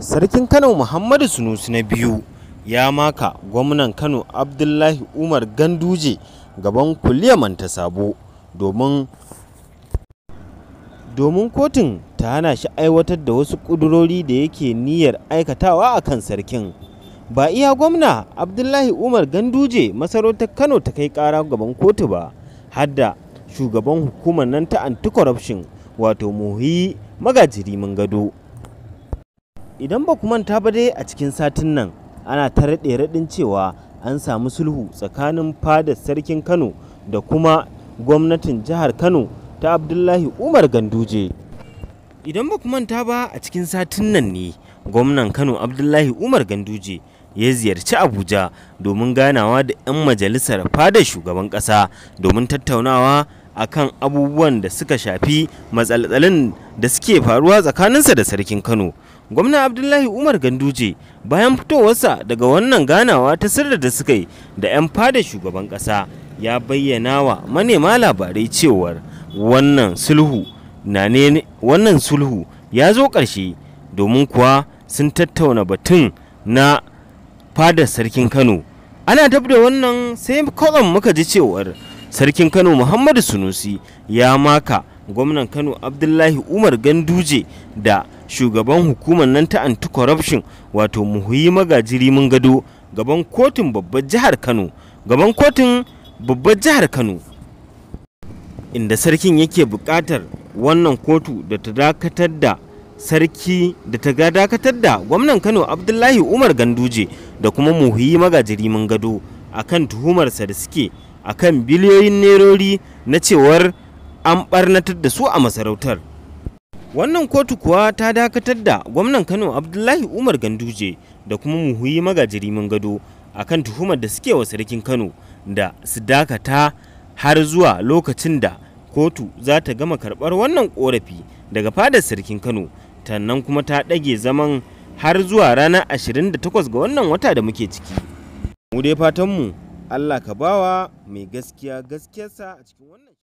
sarkin kano muhammadu sunusu na biyu ya maka gwamnan kano abdullahi umar ganduje gaban kuliya ta sabo domin kotun ta hana shi aiwatar da wasu ƙudurori da yake niyyar aikatawa a kan sarkin ba iya gwamna abdullahi umar ganduje masarautar kano ta kai ƙara gaban kotu ba hadda shugaban hukumar nan ta anti-corruption wato muhi magajiri mun gado idan ba ku manta ba dai a cikin satin nan ana ta raɗe raɗin cewa an samu sulhu tsakanin fadar sarkin kano da kuma gwamnatin jihar kano ta abdullahi umar ganduje idan ba ku manta ba a cikin satin nan ne gwamnan kano abdullahi umar ganduje ya ziyarci abuja domin ganawa da 'yan majalisar fadar shugaban ƙasa domin tattaunawa a kan abubuwan da suka shafi matsalatsalin da suke faruwa tsakaninsa da sarkin kano gwamnan abdullahi umar ganduje bayan fitowarsa daga wannan ganawa ta sirri da suka yi da 'yan fada shugaban kasa ya bayyana wa manema labarai cewar wannan sulhu sulhu ya zo ƙarshe domin kuwa sun tattauna batun na fadar sarkin kano ana tabbata wannan sai kwatsam muka ji cewar sarkin kano muhammadu sunusi ya maka gwamnan kano abdullahi umar ganduje da shugaban hukumar nan ta anti-corruption wato muhuyi magajiri mun gado gaban kotun babbar jihar kano gaban kotun babbar jihar kano inda sarkin yake bukatar wannan kotu da ta dakatar da sarki da ta ga dakatar da gwamnan kano abdullahi umar ganduje da kuma muhuyi magajiri mun gado akan tuhumarsa da suke akan biliyoyin nerori na cewar an ɓarnatar da su a masarautar wannan kotu kuwa ta dakatar da gwamnan kano abdullahi umar ganduje da kuma muhuyi magajirimin gado akan tuhumar da suke wa sarkin kano da su dakata har zuwa lokacin da kotu za ta gama karbar wannan korafi daga fadar sarkin kano tannan kuma ta ɗage zaman har zuwa ranar 28 ga wannan wata da muke ciki mu dai fatanmu allah ka bawa mai gaskiya gaskiyarsa a cikin wannan